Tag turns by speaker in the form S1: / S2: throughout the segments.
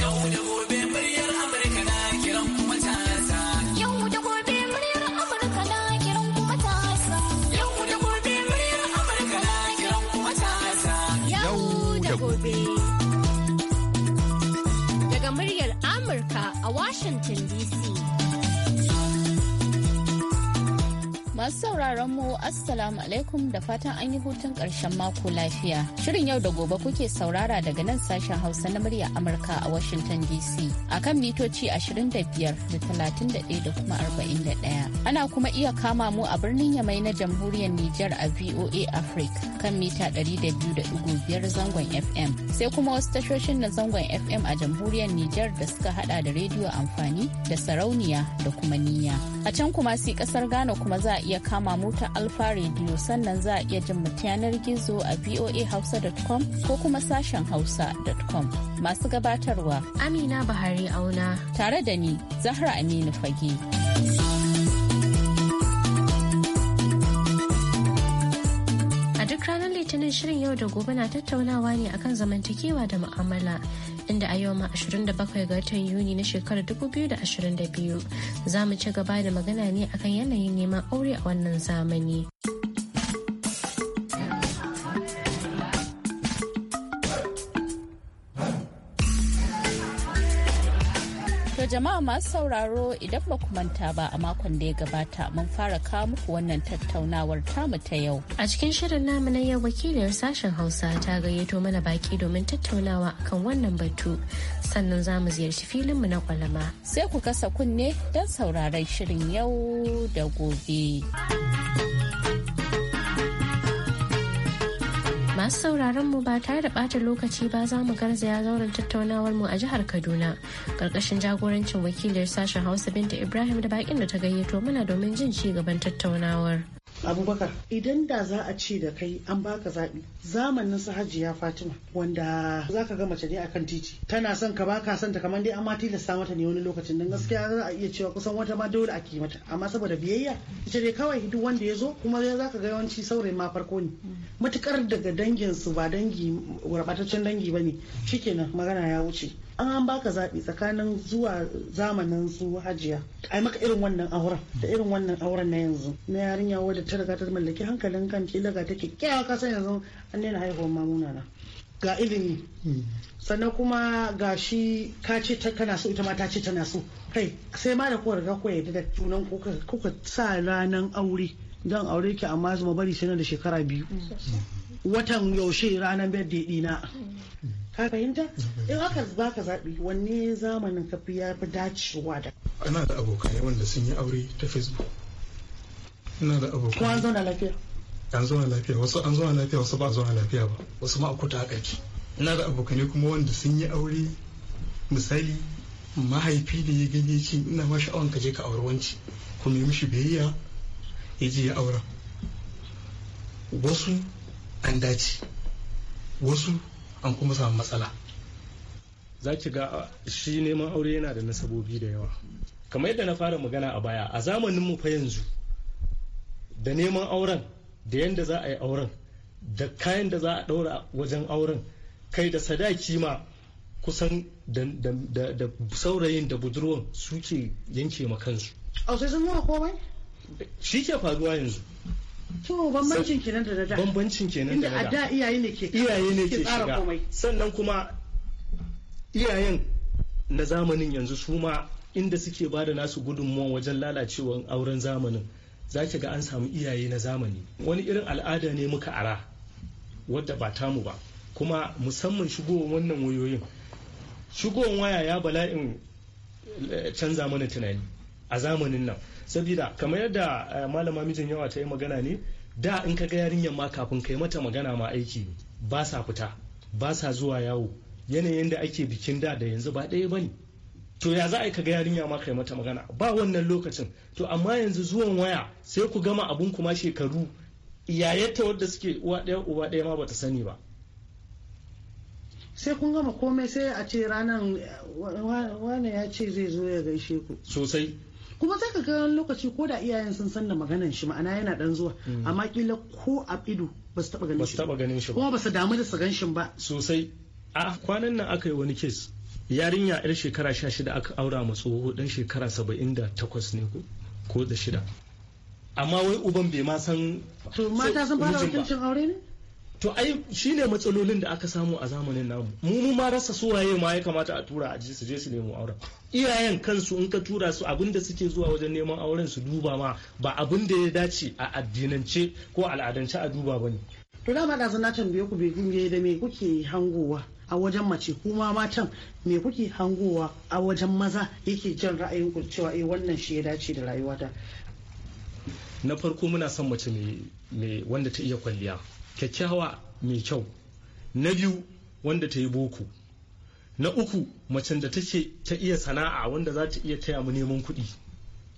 S1: Yau da gobe.
S2: assalamu alaikum da fatan an yi hutun ƙarshen mako lafiya. Shirin yau da gobe kuke saurara daga nan sashen Hausa na murya Amurka a Washington DC a kan mitoci 25 da 31 da kuma 41. Ana kuma iya kama mu a birnin Yamai na jamhuriyar Nijar a VOA Africa kan mita 200.5 zangon FM. Sai kuma wasu tashoshin na zangon FM a jamhuriyar Nijar da suka hada da rediyo amfani da sarauniya da kuma niyya. A can kuma si ƙasar Ghana kuma za a iya kama ta al Alfa Radio sannan za a iya jin yanar gizo a voahausa.com ko kuma sashen hausa.com. Masu gabatarwa Amina Bahari Auna tare da ni Zahra Aminu Fage.
S3: A duk ranar Litinin shirin yau da gobe na tattaunawa ne akan zamantakewa da mu'amala. inda a yau ma 27 ga watan Yuni na shekarar 2022 za mu ci gaba da magana ne akan yanayin neman aure a wannan zamani.
S2: jama'a masu sauraro idan ba ku manta ba a makon da ya gabata mun fara kawo muku wannan tattaunawar tamu ta yau.
S3: A cikin shirin namu na yau wakiliyar sashen Hausa ta gayyato mana baki domin tattaunawa akan wannan batu sannan za mu ziyarci filinmu na kwalama. Sai
S2: ku kasa kunne don sauraron shirin yau da gobe. Masu sauraron mu
S3: ba tare da ɓata lokaci ba za mu garzaya zauren tattaunawar mu a jihar Kaduna. Karkashin jagorancin wakilin sashen Hausa Binta Ibrahim da bakin da ta gayyato mana domin jin ci gaban tattaunawar.
S4: abubakar idan da za a ce da kai an baka zaɓi zamanin su hajiya fatima wanda za ka ga mace ne akan titi tana son ka baka son ta kamar dai amma tilasta mata ne wani lokacin don gaskiya za a iya cewa kusan wata ma dole ake mata amma saboda biyayya ita dai kawai duk wanda ya zo kuma za ka ga yawanci saurayi ma farko ne mm. matukar daga dangin su ba dangi gurbataccen dangi ba ne shikenan magana ya wuce an an baka zaɓi tsakanin zuwa zamanin su hajiya ai maka irin wannan auren da irin wannan auren na yanzu na yarinya wadda ta riga ta mallaki hankalin kan kila ga ta kyakkyawa ka san yanzu an nuna haihuwar mamuna na ga ilimi sannan kuma ga shi ka ce ta kana so ita ma ta ce tana so kai sai ma da kuwa riga kuwa yadda da junan kuka sa ranar aure don aure ki amma zuma bari sai da shekara biyu watan yaushe ranar birthday dina
S3: mm.
S4: ka fahimta in aka baka ka zaɓi wanne zamanin ka fi ya dacewa da
S5: ana da abokanai wanda sun yi aure ta facebook ina da abokanai kuma an zauna lafiya an zauna lafiya wasu an zauna lafiya wasu ba a zauna lafiya ba wasu ma a kuta haƙarki ina da abokanai kuma wanda sun yi aure misali mahaifi da ya gani ce ina ma sha'awan ka je ka aure wanci kuma yi mishi biyayya ya je ya aura wasu an dace wasu an kuma samu matsala
S6: za ki ga ah, shi neman aure yana da nasabobi da yawa kamar yadda na fara magana a baya a zamanin mu fa yanzu da neman auren da yadda za a yi auren da kayan da za a ɗaura wajen auren kai da sadaki ma kusan da saurayin da budurwan suke yanke ma kansu
S4: a sai sun komai
S6: shi ke faruwa yanzu
S4: to bambancin kenan da da da
S6: da inda a
S4: iyaye ne ke shiga
S6: sannan kuma iyayen na zamanin yanzu su ma inda suke ba da nasu gudunmuwa wajen lalacewar auren zamanin za ga an samu iyaye na zamani wani irin al'ada ne muka ara wadda ba tamu ba kuma musamman shigowar wannan wayoyin shigowar waya ya bala'in eh, canza mana tunani a zamanin nan saboda kamar yadda eh, malama mijin yawa ta yi magana ne da in ka ga yarinyar ma kafin kai mata magana ma aiki ba sa fita ba sa zuwa yawo yanayin da ake bikin da da yanzu ba ɗaya bane to ya za a yi ka ga yarinya ma kai mata magana ba wannan lokacin to amma yanzu zuwan waya sai ku gama abun kuma shekaru iyayenta wadda suke uwa ɗaya uba ɗaya ma bata sani ba
S4: sai kun gama komai sai a ce ranar eh, wane ya ce zai zo ya gaishe ku sosai kuma za ka ga lokaci ko da iyayen sun san da maganan shi ma'ana yana dan zuwa mm. amma kila ko a ido ba su taba ganin shi ba kuma ba su damu da su gan shi ba sosai
S6: a kwanan nan aka yi wani kes yarinya yar shekara 16 aka aura ma tsoho dan shekara 78 ne ko da shida amma wai uban bai ma san to mata sun fara wakilcin aure ne to ai shine matsalolin da aka samu a zamanin namu mu mu ma rasa suwaye ma ya kamata a tura a ji su je su nemo auren iyayen kansu in ka tura su abinda suke zuwa wajen neman auren su duba ma ba abin da ya dace a addinance ko al'adance a duba bane
S4: to dama da na tambaye ku bai gunge da me kuke hangowa a wajen mace kuma matan me kuke hangowa a wajen maza yake jan ra'ayin ku cewa eh wannan shi ya dace da rayuwata
S6: na farko muna son mace mai wanda ta iya kwalliya kyakkyawa mai kyau na biyu wanda ta yi boko na uku macen da take ta iya sana'a wanda za ta iya taya mu neman kuɗi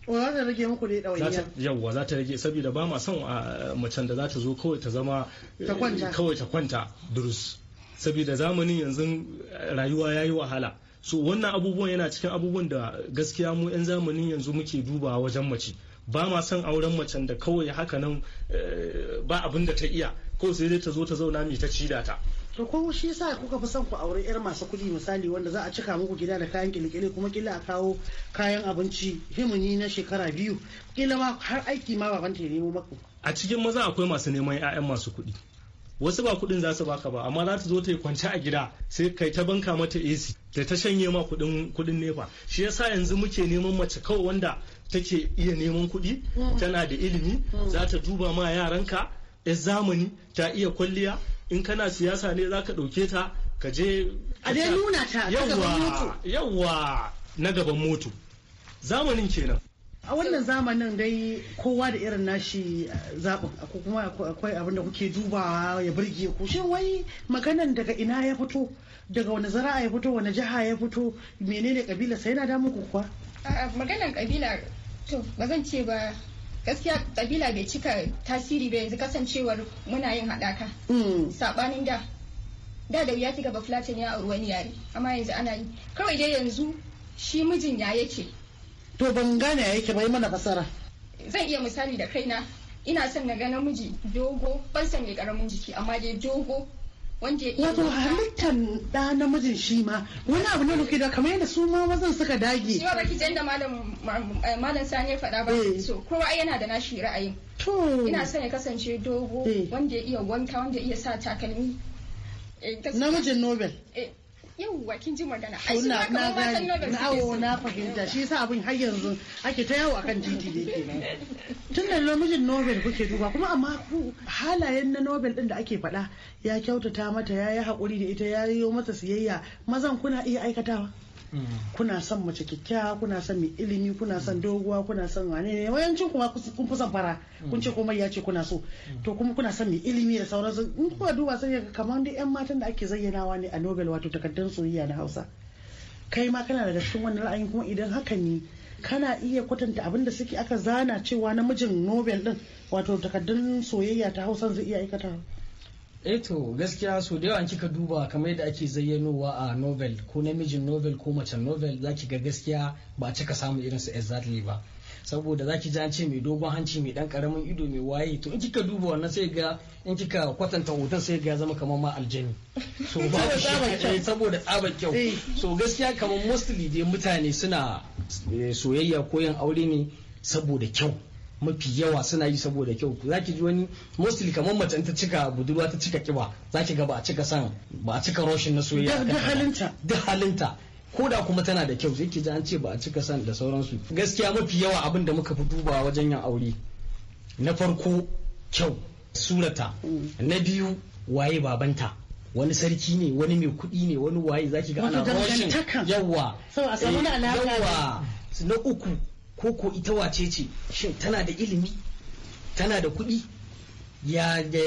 S4: za ta rage muku dai ɗawainiya
S6: yawwa za ta rage saboda ba ma son ah, macen da za ta zo kawai ta zama eh, kawai ta kwanta durus saboda zamanin yanzu eh, rayuwa ya yi wahala so wannan abubuwan yana cikin abubuwan da gaskiya mu 'yan zamanin yanzu muke dubawa wajen mace ba ma son auren macen da kawai haka nan eh, ba abin da ta iya ko sai dai ta zo ta zauna mai ta da ta
S4: to ko shi yasa kuka fi son ku aure yar masu kuɗi misali wanda za a cika muku gida da kayan kilikili kuma kila a kawo kayan abinci himini na shekara biyu kila ma har aiki ma babanta ya nemo maku a
S6: cikin maza akwai masu neman 'ya'yan masu kuɗi wasu ba kuɗin za su baka ba amma za ta zo ta yi kwance a gida sai kai ta banka mata AC da ta shanye ma kuɗin kuɗin nefa shi yasa yanzu muke neman mace kawai wanda take iya neman kuɗi mm. tana da ilimi mm. za ta duba ma yaranka ya zamani ta iya kwalliya in kana siyasa ne za ka ɗauke ta ka je a dai nuna ta yawwa na gaban moto
S4: zamanin kenan a wannan zamanin dai kowa da irin nashi eh, zaɓin kuma akwai abin da kuke dubawa ya burge ku shin wai maganan daga ina ya fito daga wani zara'a ya fito wani jiha ya fito menene kabila sai na damu ku kuwa maganan kabila to ba zan ce ba gaskiya kabila bai cika tasiri
S7: ba yanzu kasancewar muna yin haɗaka mm. saɓanin da da da wuya kiga gaba fulatin ya auri wani yare amma yanzu ana yi kawai dai yanzu shi mijin ya yake
S4: to ban gane a yake bai mana fasara
S7: zan iya misali da kaina ina son na ga namiji dogo ban san mai karamin jiki amma dai dogo wanda ya wato halittar
S4: da namijin shi ma wani abu na ruki da kamar yadda su ma wazan suka dage shi ma baki
S7: jan malam malam sani ya faɗa ba eh. so kowa yana da
S4: nashi ra'ayin to ina son ya
S7: kasance dogo eh. wanda ya iya wanka wanda ya iya sa takalmi eh, namijin nobel yawwa kin ji magana ai shi na gani na na
S4: fahimta shi yasa abin har yanzu ake ta yawo akan titi yake kenan tun da mijin nobel kuke duba kuma amma ku halayen na nobel din da ake faɗa ya kyautata mata ya yi haƙuri da ita ya yi mata siyayya mazan kuna iya aikatawa Mm. kuna son mace kyakkyawa kuna son mai ilimi kuna son mm. doguwa kuna son wane ne wayancin kuma kun fi son fara mm. kun ce komai ya ce kuna so to kuma kuna son mai ilimi da sauransu in kuma duba sai kamar da yan matan da ake zayyanawa ne a Nobel wato takardun soyayya na Hausa kai ma kana da cikin wannan ra'ayin kuma idan haka ne kana iya kwatanta abin da suke aka zana cewa namijin Nobel din wato takardun soyayya ta Hausa zai iya aikata
S1: eh to gaskiya so da yawan kika duba kamar yadda ake zayyanowa a novel ko namijin novel ko macen novel za ki ga gaskiya ba a cika samun irinsu exactly ba saboda za ki ji an ce mai dogon hanci mai dan karamin ido mai waye to in kika duba wannan sai ga in kika kwatanta hoton sai ga zama kamar ma aljani so ba shi eh, saboda tsabar kyau eh. so gaskiya kamar mostly dai mutane suna eh, soyayya ko yin aure ne saboda kyau mafi yawa suna yi saboda kyau ki ji wani mostly kamar mace ta cika budurwa ta cika kiba ki ga ba a cika san ba a cika roshin na soyayya da halinta da halinta ko da kuma tana da kyau sai ki ji an ce ba a cika san da sauransu gaskiya mafi yawa abin da muka fi duba wajen yin aure na farko kyau surata mm. na biyu waye babanta wani sarki ne wani mai kuɗi ne wani waye zaki ga ana roshin yawa yawa na uku ko ko ita wace ce shin tana da ilimi tana da kuɗi ya da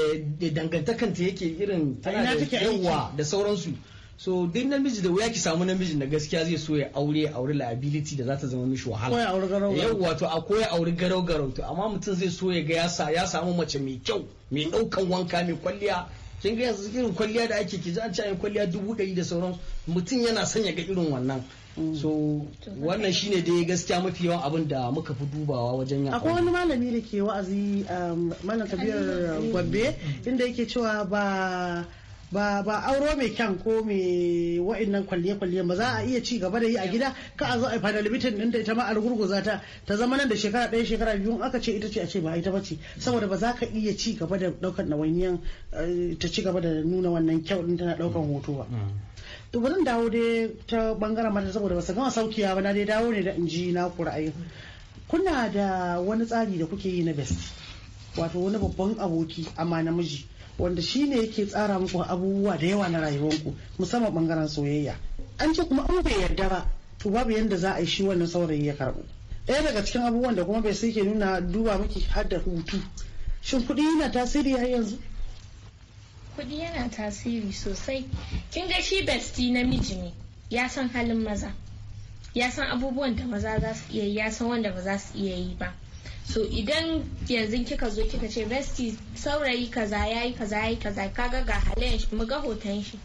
S1: dangantakanta yake irin tana da yawa da sauransu so duk namiji da wuya ki samu namijin da gaskiya zai so ya aure aure liability da za ta zama mishi wahala ya aure garau garau yawa to a koya aure garau garau to amma mutum zai so ya ga ya samu mace mai kyau mai daukan wanka mai kwalliya kin ga yanzu irin kwalliya da ake ki ji an ce kwalliya dubu ɗari da sauran mutum yana son ya ga irin wannan so wannan shine dai gaskiya mafi yawan abin da muka fi dubawa wajen yaƙi akwai
S4: wani malami da ke wa'azi um, malam kabiyar gwabbe inda yake cewa ba ba ba auro mai kyan ko mai wa'annan kwalliye kwalliye ba za a iya ci gaba da yi a gida ka a zo a final meeting din da ita ma a za ta ta zama nan da shekara ɗaya shekara biyu aka ce ita ce a ce ba ita bace saboda ba za ka iya ci gaba da ɗaukar nawaniyan eh, ta ci gaba da nuna wannan kyau din tana ɗaukar hoto ba. Mm. to bari dawo dai ta bangaren mata saboda ba gama saukiya ba na dai dawo ne da in ji na ku kuna da wani tsari da kuke yi na best wato wani babban aboki amma namiji wanda shi ne yake tsara muku abubuwa da yawa na rayuwanku musamman bangaren soyayya an ce kuma an bai yarda ba to babu yadda za a yi shi wannan saurayi ya karbu ɗaya daga cikin abubuwan da kuma bai sai ke nuna duba miki har da hutu shin kuɗi yana tasiri har yanzu
S8: kudi yana tasiri sosai kin ga shi besti namiji ne ya san halin maza ya san abubuwan da maza za su iya yi ya san wanda ba za su iya yi ba so idan yanzu kika zo kika ce besti saurayi kaza yayi kaza yayi kaza kaga ga halayen shi ga hoton shi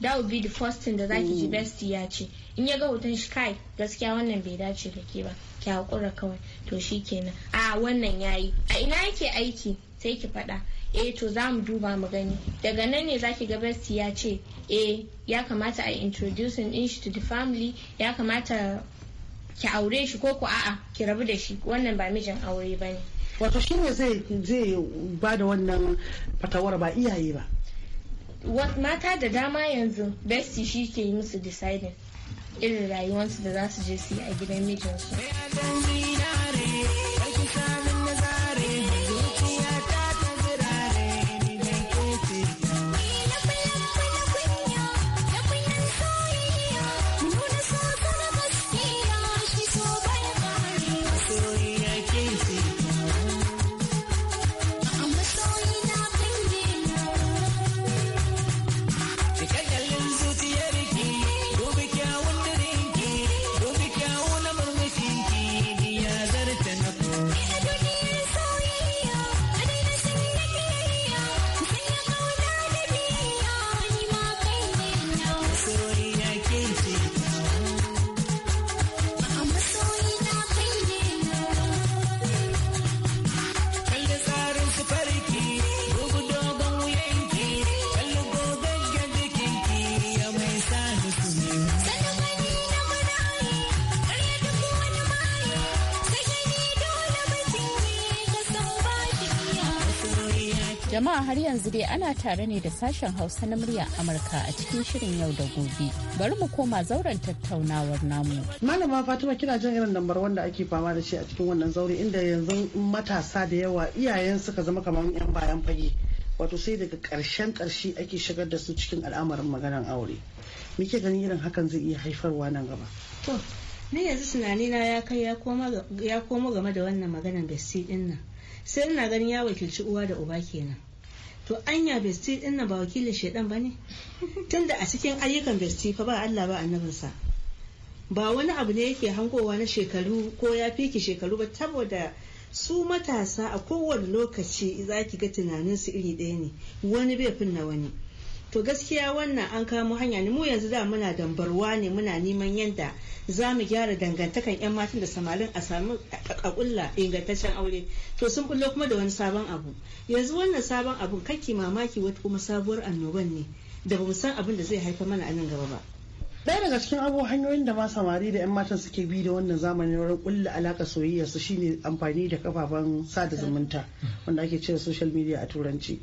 S8: that would be the first thing da zaki ji mm. besti ya ce in ya ga hoton shi kai gaskiya wannan bai dace da ke ba ki hakura kawai to shi kenan a ah, wannan yayi a ina yake aiki sai ki faɗa eh to za mu duba mu gani daga nan ne zaki ga besti ya ce eh ya kamata a introducing in shi to the family ya kamata ki aure shi ko ku a'a ki rabu da shi wannan ba mijin aure ba ne
S4: wato shi ne zai ba da wannan fatawar ba iyaye ba
S8: mata da dama yanzu besti shi ke yi musu deciding irin rayuwarsu da za su je su yi a gidan mijinsu
S2: Jama'a har yanzu dai ana tare ne da sashen Hausa na murya Amurka a cikin shirin yau da gobe. Bari mu koma zauren tattaunawar namu.
S4: Malama Fatima kina jin irin lambar wanda ake fama da shi a cikin wannan zaure inda yanzu matasa da yawa iyayen suka zama kamar yan bayan fage. Wato sai daga karshen karshe ake shigar da su cikin al'amarin maganar aure. Muke ganin irin hakan zai iya haifarwa nan gaba. To,
S2: ni yanzu tunanina ya kai ya koma game da wannan maganar gaske din sai ina ganin ya wakilci uwa da uba kenan to anya besti din nan ba wakilin shedan bane tunda a cikin ayyukan besti fa ba Allah ba annabinsa ba wani abu ne yake hankowa na shekaru ko ya fiki shekaru ba saboda su matasa a kowane lokaci za ki ga tunaninsu iri ɗaya ne wani bai finna wani to gaskiya wannan an kamo hanya ne mu yanzu da muna dambarwa ne muna neman yadda za mu gyara dangantakan 'yan matan da samarin a samu a kakulla ingantaccen aure to sun bullo kuma da wani sabon abu yanzu wannan sabon abun kake mamaki wata kuma sabuwar annoban ne da ba mu san abin da
S4: zai haifa mana a nan gaba ba ɗaya daga cikin abu hanyoyin da ma samari da 'yan matan suke bi da wannan zamanin wurin kulla alaka soyayya su shine amfani da kafafen sada zumunta mm. wanda ake cewa social media a turanci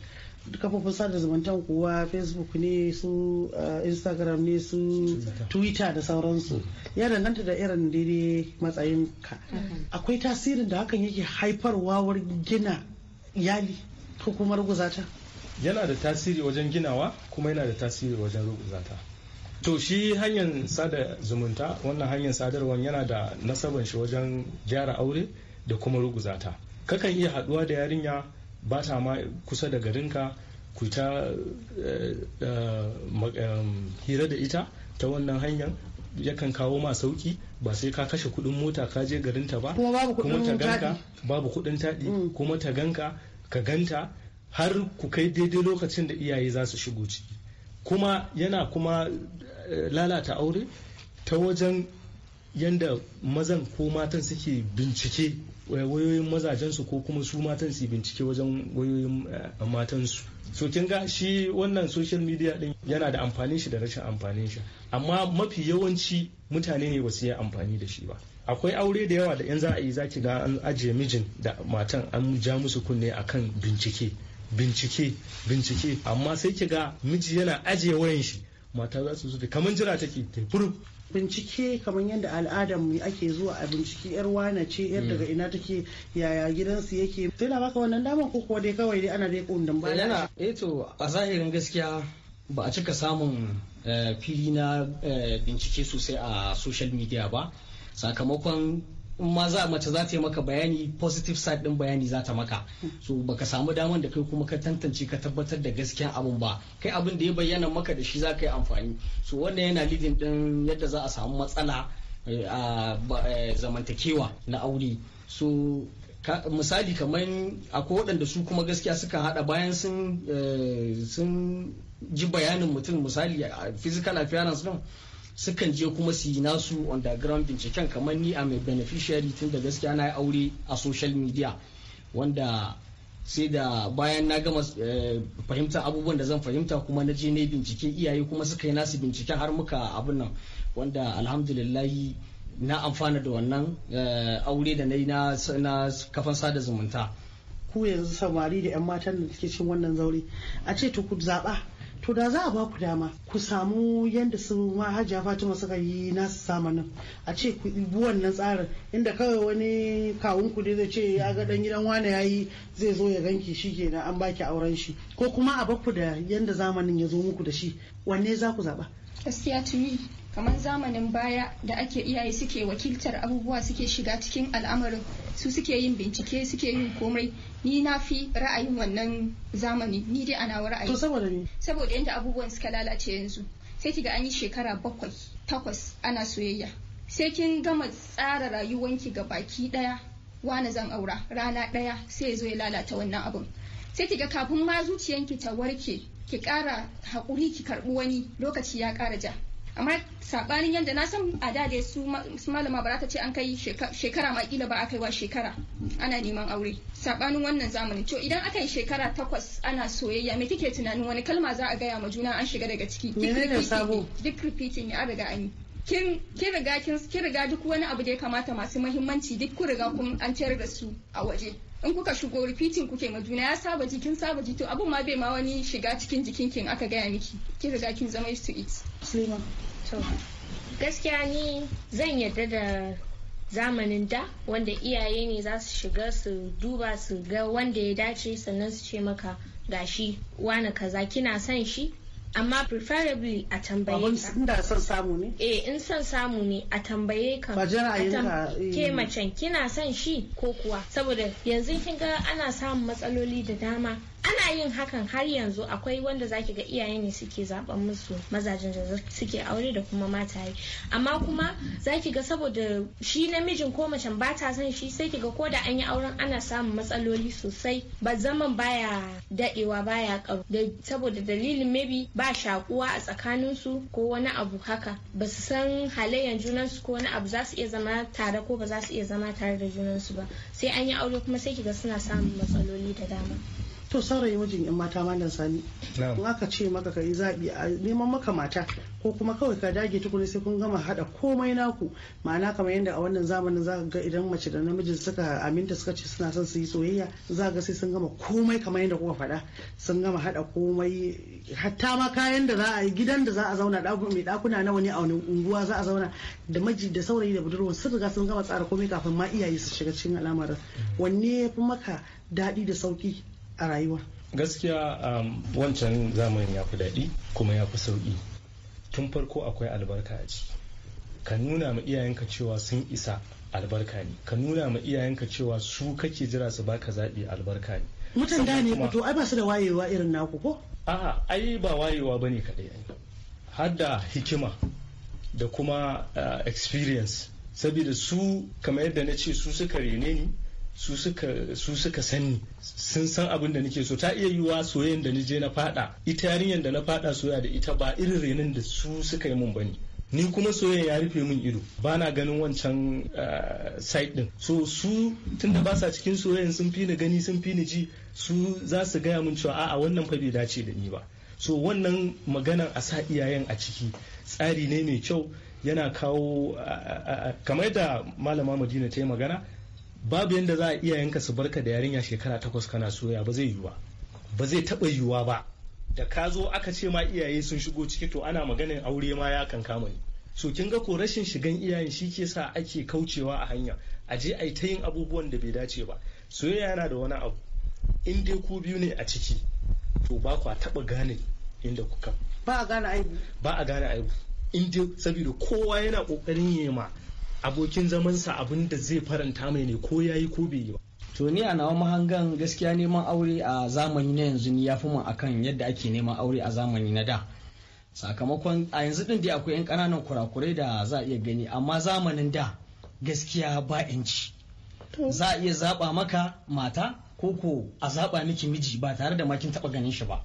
S4: kafofin sada zumunta kuwa facebook ne su uh, instagram ne su twitter da sauransu ya danganta da irin daidai matsayinka mm-hmm. akwai tasirin da hakan yake haifarwa wawar gina iyali ko kuma ruguzata
S6: yana da tasiri wajen ginawa kuma yana da tasiri wajen ruguzata to shi hanyar sada zumunta wannan hanyar sadarwar yana da nasaban shi wajen gyara aure da kuma ruguzata kakan iya haduwa da yarinya ba ta ma kusa da garinka ku ta eh, eh, hira da ita ta wannan hanyar yakan kawo ma sauki ba sai ka kashe kudin mota ka je garinta ba kuma ta ganka babu kudin taɗi mm. kuma ta ganka ka ganta har ku kai daidai lokacin da iyaye za su shigo ciki kuma yana kuma eh, lalata aure ta wajen yanda mazan ko matan suke bincike Eh, wayoyin mazajensu ko kuma su matan su bincike wajen wayoyin eh, matansu so kin ga shi wannan social media din yana da amfani shi da rashin amfani shi amma mafi yawanci mutane ne basu yi amfani da shi ba akwai aure da yawa da yan za a yi zaki ga an ajiye mijin da matan an ja musu kunne akan bincike bincike bincike amma sai ki ga miji yana ajiye wayan shi mata za su zo kamar jira take ta furu
S4: bincike kamar yadda al'adar mu ake zuwa a bincike yar wana ce yar daga ina take yaya gidansu yake sai na baka wannan daman ko kuwa dai kawai dai ana dai kundin ba yana eh to
S1: a zahirin gaskiya ba a cika samun eh, fili na eh, bincike sosai a social media ba sakamakon in ma za mace za ta yi maka bayani positive side din bayani za ta maka so baka samu daman da kai kuma ka tantance ka tabbatar da gaskiyan abun ba kai abin da ya bayyana maka da shi za ka yi amfani so wannan yana leading din yadda za a samu matsala eh, a eh, zamantakewa na aure so misali kamar akwai waɗanda su kuma gaskiya suka hada bayan eh, sun ji bayanin mutum misali physical appearance din sukan je kuma su yi nasu underground binciken kamar ni a mai beneficiary tun da gaskiya na yi aure a social media wanda sai da bayan na gama eh, fahimta abubuwan da zan fahimta kuma na je na bincike iyaye kuma suka yi nasu binciken har muka abin nan wanda alhamdulillahi na amfana da wannan eh, aure da na yi na kafan sada zumunta
S4: ku yanzu samari da 'yan matan da suke cin wannan zaure a ce ku zaɓa to da za a ba ku dama ku samu yadda ma hajiya fatima suka yi nasu samanin a ce ku ibi wannan tsarin inda kawai wani kawun ku zai ce ya ga dan gidan wane yi zai zo ya ganki shi ke an baki auren shi ko kuma a ku da yadda zamanin ya zo muku da shi wanne za ku zaba
S7: gaskiya tuni kamar zamanin baya da ake iyaye suke wakiltar abubuwa suke shiga cikin al'amarin su suke yin bincike suke yin komai ni na fi ra'ayin wannan zamani ni dai ana ra'ayi to saboda ne saboda yanda abubuwan suka lalace yanzu sai kiga an yi shekara bakwai takwas ana soyayya sai kin gama tsara rayuwanki ga baki daya wani zan aura rana daya sai ya zo ya lalata wannan abun sai kiga kafin ma zuciyanki ta warke ki kara hakuri ki karbi wani lokaci ya kara ja amma sabanin yadda na san a da su malama ba ta ce an kai shekara ma kila ba a kaiwa shekara ana neman aure sabanin wannan zamanin to idan aka yi shekara takwas ana soyayya me kike tunanin wani kalma za a gaya ma juna an shiga daga ciki duk repeating ne an riga an yi kin riga duk wani abu da ya kamata masu mahimmanci duk ku riga kun an ciyar da su a waje in kuka shigo repeating kuke ma juna ya saba jiki kin saba jiki to abun ma bai ma wani shiga cikin jikin kin aka gaya miki kin riga kin zama used to it gaskiya ni zan yadda da
S8: zamanin da wanda iyaye ne za su shiga su duba su ga wanda ya dace sannan su ce maka gashi wani kaza kina son shi amma preferably a
S4: tambaye ka da son samu ne
S8: eh in son samu ne a tambaye ka ba ke eh. macen kina son shi ko kuwa saboda yanzu kin ga ana samun matsaloli da dama ana yin hakan har yanzu akwai wanda zaki ga iyaye ne suke zaben musu mazajen da suke aure da kuma mataye amma kuma zaki ga saboda shi namijin ko macen ba ta son shi sai kiga ko da an yi auren ana samun matsaloli sosai ba zaman baya dadewa baya karu da saboda dalilin maybe ba shakuwa a tsakanin su ko wani abu haka ba su san halayyar junan su ko wani abu za su iya zama tare ko ba za su iya zama tare da junan su ba sai an yi aure kuma sai ki ga suna samun matsaloli da dama
S4: to saurayi mijin yan mata malam sani in aka ce maka ka yi zaɓi a neman maka mata ko kuma kawai ka dage tukuni sai kun gama haɗa komai naku ma'ana kamar yadda a wannan zamanin za ga idan mace da namijin suka aminta suka ce suna son su yi soyayya za ga sai sun gama komai kamar yadda kuka faɗa sun gama hada komai hatta ma kayan da za a yi gidan da za a zauna mai dakuna nawa ne a wani unguwa za a zauna da maji da saurayi da budurwa sun riga sun gama tsara komai kafin ma iyaye su shiga cikin al'amarin wanne ya fi maka daɗi da sauki a rayuwa
S6: gaskiya um, wancan zamanin ya fi daɗi kuma ya fi sauƙi tun farko akwai albarka a ciki ka nuna ma iyayenka cewa sun isa albarka ne ka nuna ma iyayenka cewa su kake jira su baka zaɓi albarka ne
S4: mutan da ne to ai ba su da wayewa irin naku ko
S6: a'a ai ba wayewa bane kadai ai har da hikima da kuma uh, experience saboda su kamar yadda na ce su suka rene ni su suka sani sun san abin da nake so ta iya yiwuwa soyayyen da ni je na fada ita yarinyar da na fada soya da ita ba irin renin da su suka yi mun bane ni kuma soyayya ya rufe min ido ba na ganin wancan ah, site din so su tunda ba sa cikin soyayyan sun fi ni gani sun fi ni ji su za su gaya min cewa a'a wannan fa bai dace da ni ba so wannan maganan a sa iyayen a ciki tsari ne mai kyau yana kawo ah, ah, kamar da malama madina ta yi magana babu yadda za a yanka su barka da yarinya shekara takwas kana soya ba zai yi ba Ba zai taba yiwuwa ba da ka zo aka ce ma iyaye sun shigo ciki to ana maganin aure ma ya kan kama ni so kin ga ko rashin shigan iyaye shi ke sa ake kaucewa a hanya a je a yi ta yin abubuwan da bai dace ba soyayya yana da wani abu in dai ku biyu ne a ciki to ba ku taɓa gane inda kuka ba a gane aibu ba a gane aibu in dai saboda kowa yana kokarin yema abokin zamansa abin
S1: da zai faranta mai ne ko yayi ko bai yi ba to ni a nawa mahangan gaskiya neman aure a zamani na yanzu ni yafi fi mun akan yadda ake neman aure a zamani na da sakamakon a yanzu din dai akwai yan ƙananan kurakurai da za a iya gani amma zamanin da gaskiya ba inci za a iya zaba maka mata ko ko a zaba miki miji ba tare da makin taba ganin shi ba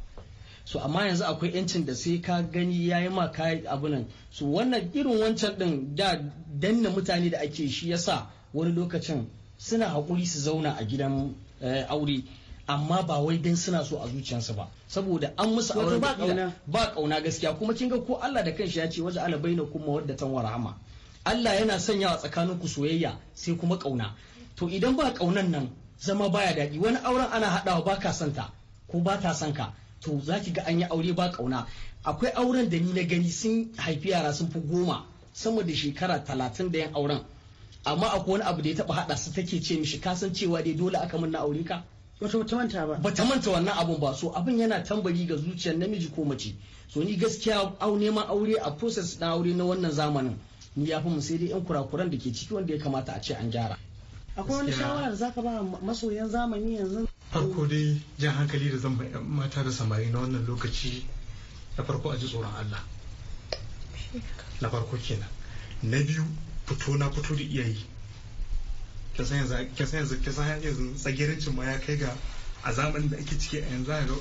S1: so amma yanzu akwai yancin da sai ka gani ya yi ma abu nan so wannan irin wancan din da danna mutane da ake shi yasa wani lokacin suna haƙuri su zauna a gidan eh, aure amma ba wai dan suna so a zuciyarsu ba saboda an musu aure ba kauna gaskiya kuma kin ga ko Allah da kanshi ya ce waje ala baina kuma wadda tan warhama Allah yana sanya wa tsakanin ku soyayya sai kuma kauna to idan ba kaunan nan zama baya daɗi wani auren ana haɗawa baka santa ko ba ta ka to za ki ga an yi aure ba kauna akwai auren da ni na gani sun haifi yara sun fi goma sama da shekara talatin da yan auren amma akwai wani abu da ya taba hada su take ce mishi kasan cewa dai dole aka mun na aure ka bata manta ba bata manta wannan abun ba so abin yana tambari ga zuciyar namiji ko mace so ni gaskiya au neman aure a process na aure na wannan zamanin ni ya fi mu sai dai yan kurakuran da ke ciki wanda ya kamata a ce an gyara
S4: akwai wani shawarar za ka ba masoyan zamani yanzu
S1: farko dai jan
S5: hankali da zan mata da samari na wannan lokaci na farko a ji tsoron Allah na farko kenan na biyu fito na fito da iyayi kin yanzu kin yanzu ma ya kai ga a zamanin da ake ciki a yanzu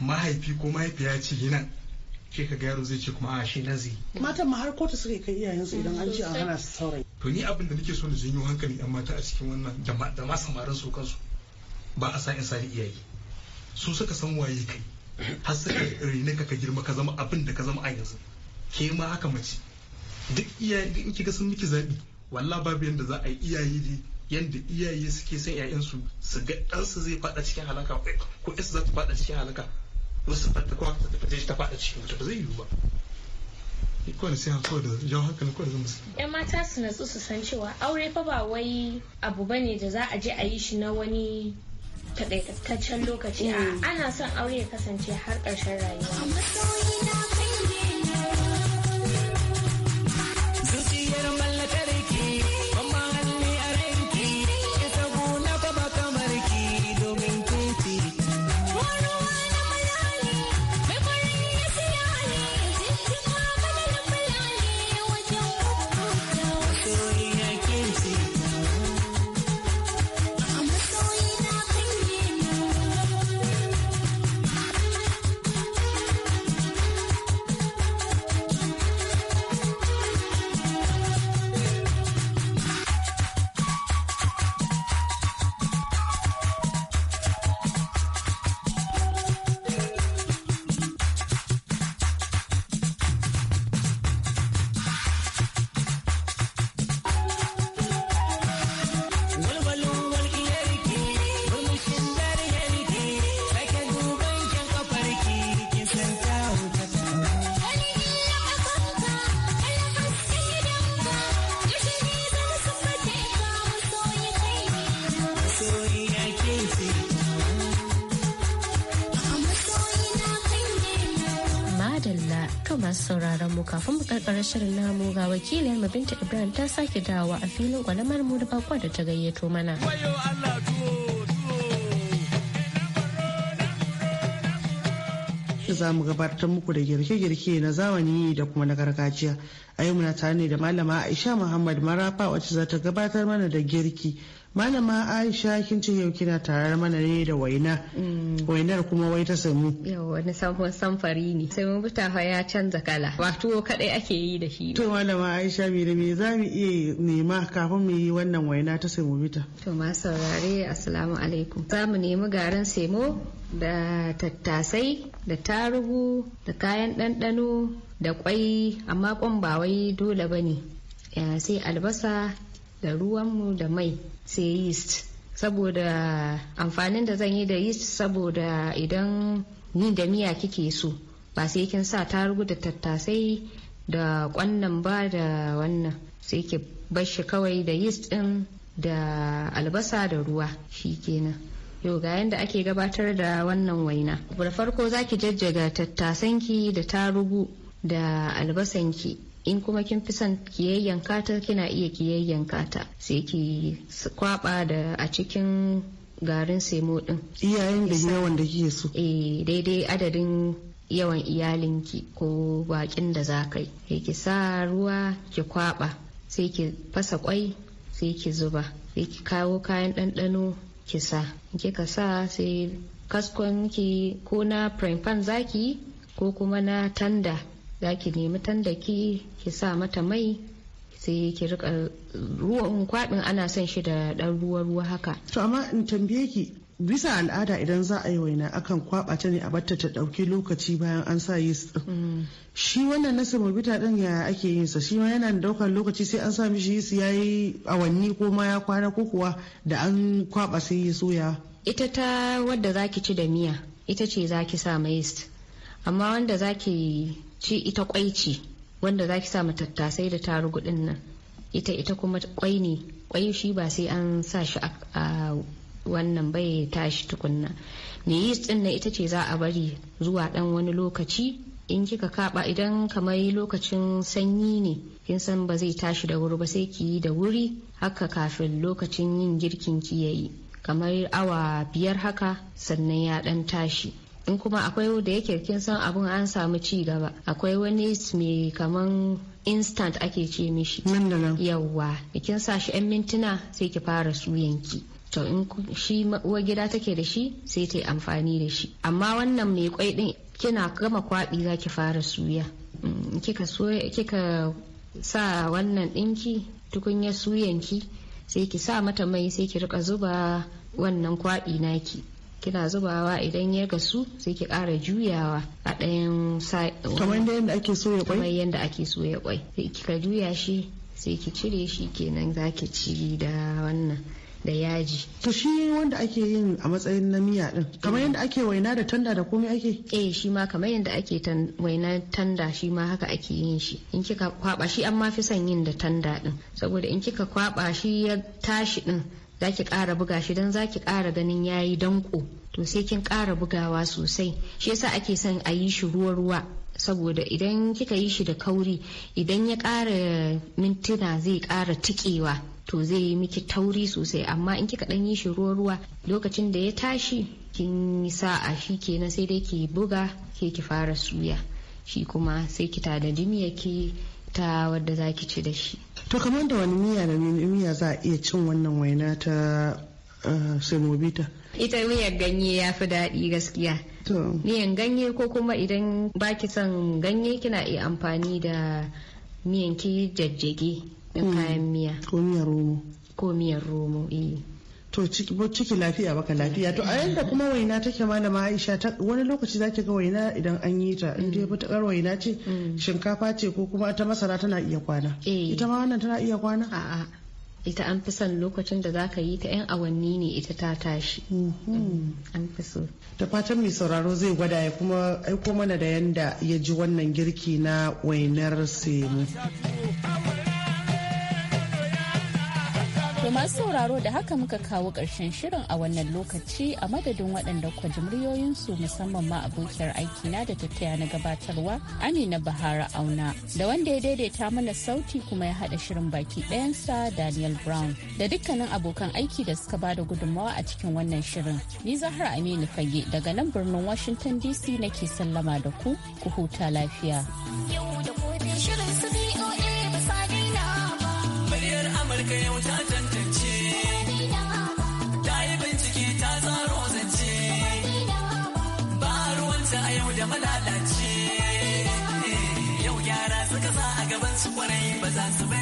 S5: mahaifi ko mahaifiya ce yana shi ka ga yaro zai ce kuma a shi nazi
S4: matan ma har kotu suka kai iyayen su idan an ce an hana
S5: su saurayi to ni abin da nake so na janyo hankali yan mata a cikin wannan da ma samarin su kansu ba a sa in sani iyaye su suka san waye kai har suka rene ka ka girma ka zama abin da ka zama a yanzu ke ma haka mace duk iyaye in kika sun miki zabi wallah babu yanda za a yi iyaye yadda iyaye suke son 'ya'yansu su ga ɗansu zai faɗa cikin halaka ko su za ta faɗa cikin halaka musu fatta kowa ta tafi ta faɗa cikin wata ba zai yiwu ba ko ne sai a da jan hankali ko da zama su.
S8: yan mata su natsu su san cewa aure fa ba wai abu bane da za a je a yi shi na wani takaitaccen lokaci mm. ana son aure ya kasance har ƙarshen rayuwa.
S3: sauraron mu kafin mu karkara shirin namu ga wakilin mu Binta Ibrahim ta sake dawo a filin gwalamar mu da bakwa da ta gayyato mana.
S4: za mu gabatar muku da girke-girke na zamani da kuma na gargajiya a yau muna tare ne da malama aisha muhammad marafa wacce za ta gabatar mana da girki malama aisha kin ce yau kina tarar mana ne da waina mm. wainar kuma wai ta samu
S9: yau wani samun samfari ne sai mun buta ya canza kala ba tuwo kadai ake yi da
S4: shi to malama aisha me da me za mu iya nema kafin mu yi wannan waina ta samu bita
S9: to ma saurare assalamu alaikum za mu nemi garin semo da tattasai da tarugu da kayan ɗanɗano da kwai amma ƙwan ba wai dole ba ne sai albasa da ruwanmu da mai sai yeast saboda amfanin da zan yi da yeast saboda idan ni da miya kike so ba sai kin sa tarugu da tattasai da kwannan ba da wannan sai ki bashi kawai da yeast din da albasa da ruwa shi kenan yau ga yadda ake gabatar da wannan waina da farko za ki jajjaga tattasanki da tarugu da albasanki in kuma kin fi son kiyayyanka ta kina iya kiyayyanka ta sai ki kwaba da a cikin garin semo din iyayen da yawan da kike so eh daidai adadin yawan iyalinki ko bakin da za kai ki sa ruwa ki kwaba sai ki fasa kwai sai ki zuba sai ki kawo kayan ɗanɗano ki sa kika sa sai kaskon ki ko na prime pan zaki ko kuma na tanda za ki nemi tandaki ki sa mata mai sai ki rika ruwan kwaɗin ana son
S4: shi da ɗan ruwa-ruwa haka. To amma in tambaye ki bisa al'ada idan za a yi waina akan kwaɓa ta ne a batta ta ɗauki lokaci bayan an sa yeast mm. Shi wannan nasa mabita ɗin yaya ake yin sa shi ma yana da ɗaukar lokaci sai an sa mishi yeast ya yi awanni ko ma ya kwana ko kuwa da an kwaɓa sai ya soya.
S9: Ita ta wadda zaki ci da miya ita ce zaki sa ma yeast amma wanda zaki shi ita kwai ce wanda zaki sa matattasai da tarugu din nan ita ita kuma kwai ne kwai shi ba sai an sa shi a wannan bai tashi tukunna me yeast din ita ce za a bari zuwa dan wani lokaci in kika kaba idan kamar lokacin sanyi ne kin san ba zai tashi da wuri ba sai ki yi da wuri haka kafin lokacin yin girkin ki yayi kamar awa biyar haka sannan ya dan tashi in kuma akwai wanda yake kin san abun an samu ci gaba akwai wani mai kaman instant ake ce mishi yawwa kin sa shi 'yan mintuna sai ki fara suyanki to in shi uwar gida take da shi sai ta yi amfani da shi amma wannan mai kwai din kina gama kwabi za ki fara suya mm, kika kika sa wannan dinki tukunya suyanki sai ki sa mata mai sai ki rika zuba wannan kwabi naki kina zubawa idan ya gasu sai ki ƙara juyawa a ɗayan kamar yadda ake so ya kwai kamar yadda ake so ya kwai sai kika juya shi sai ki cire shi kenan za ki ci da wannan da yaji. To shi wanda ake yin a matsayin na miya din kamar yadda ake waina da tanda da komai ake? Eh shi ma kamar yadda ake waina tanda shi ma haka ake yin shi. In kika kwaba shi an mafi fi son yin da tanda din saboda in kika kwaba shi ya tashi din za ki ƙara buga shi don za ki ƙara ganin ya yi danko to sai kin ƙara bugawa sosai shi yasa ake son a yi shi ruwa-ruwa saboda idan kika yi shi da kauri idan ya ƙara mintuna zai ƙara tikewa to zai yi miki tauri sosai amma in kika ɗan yi shi ruwa-ruwa lokacin da ya tashi kin sa'a shi kenan sai dai ki buga ke ki fara suya shi kuma sai ki tanadi ki ta wadda za ki ci da shi
S4: to kamar da wani miya da miya za a iya cin wannan waina ta eh, semobita
S9: ita miyar ganye ya fi daɗi gaskiya miyan ganye ko kuma idan baki son ganye kina iya amfani da miyan ki jajjage hmm. kayan miya ko miyar romo ko miyar
S4: romo eh. to ciki lafiya baka lafiya to a yanda kuma waina take malama Aisha wani lokaci zaki ga waina idan an yi ta in dai fitakar waina ce mm. shinkafa ce ko kuma ta masara tana iya kwana
S9: eh. ita ma wannan tana iya kwana a'a ita an fi son lokacin da zaka yi ta yan awanni ne ita ta tashi mm, an fi so
S4: da fatan mai sauraro zai gwada ya kuma aiko mana da yanda ya ji wannan girki na wainar semu
S2: To masu sauraro da haka muka kawo ƙarshen shirin a wannan lokaci a madadin waɗanda kwa jimriyoyinsu musamman ma abokiyar aiki na da tattaya na gabatarwa Amina Bahara Auna da wanda ya daidaita mana sauti kuma ya haɗa shirin baki ɗayansa Daniel Brown da dukkanin abokan aiki da suka ba da gudunmawa a cikin wannan shirin. Ni Zahra Aminu Fage daga nan birnin Washington DC nake sallama da ku ku huta lafiya. Yau
S7: da
S1: shirin
S2: as I surrender.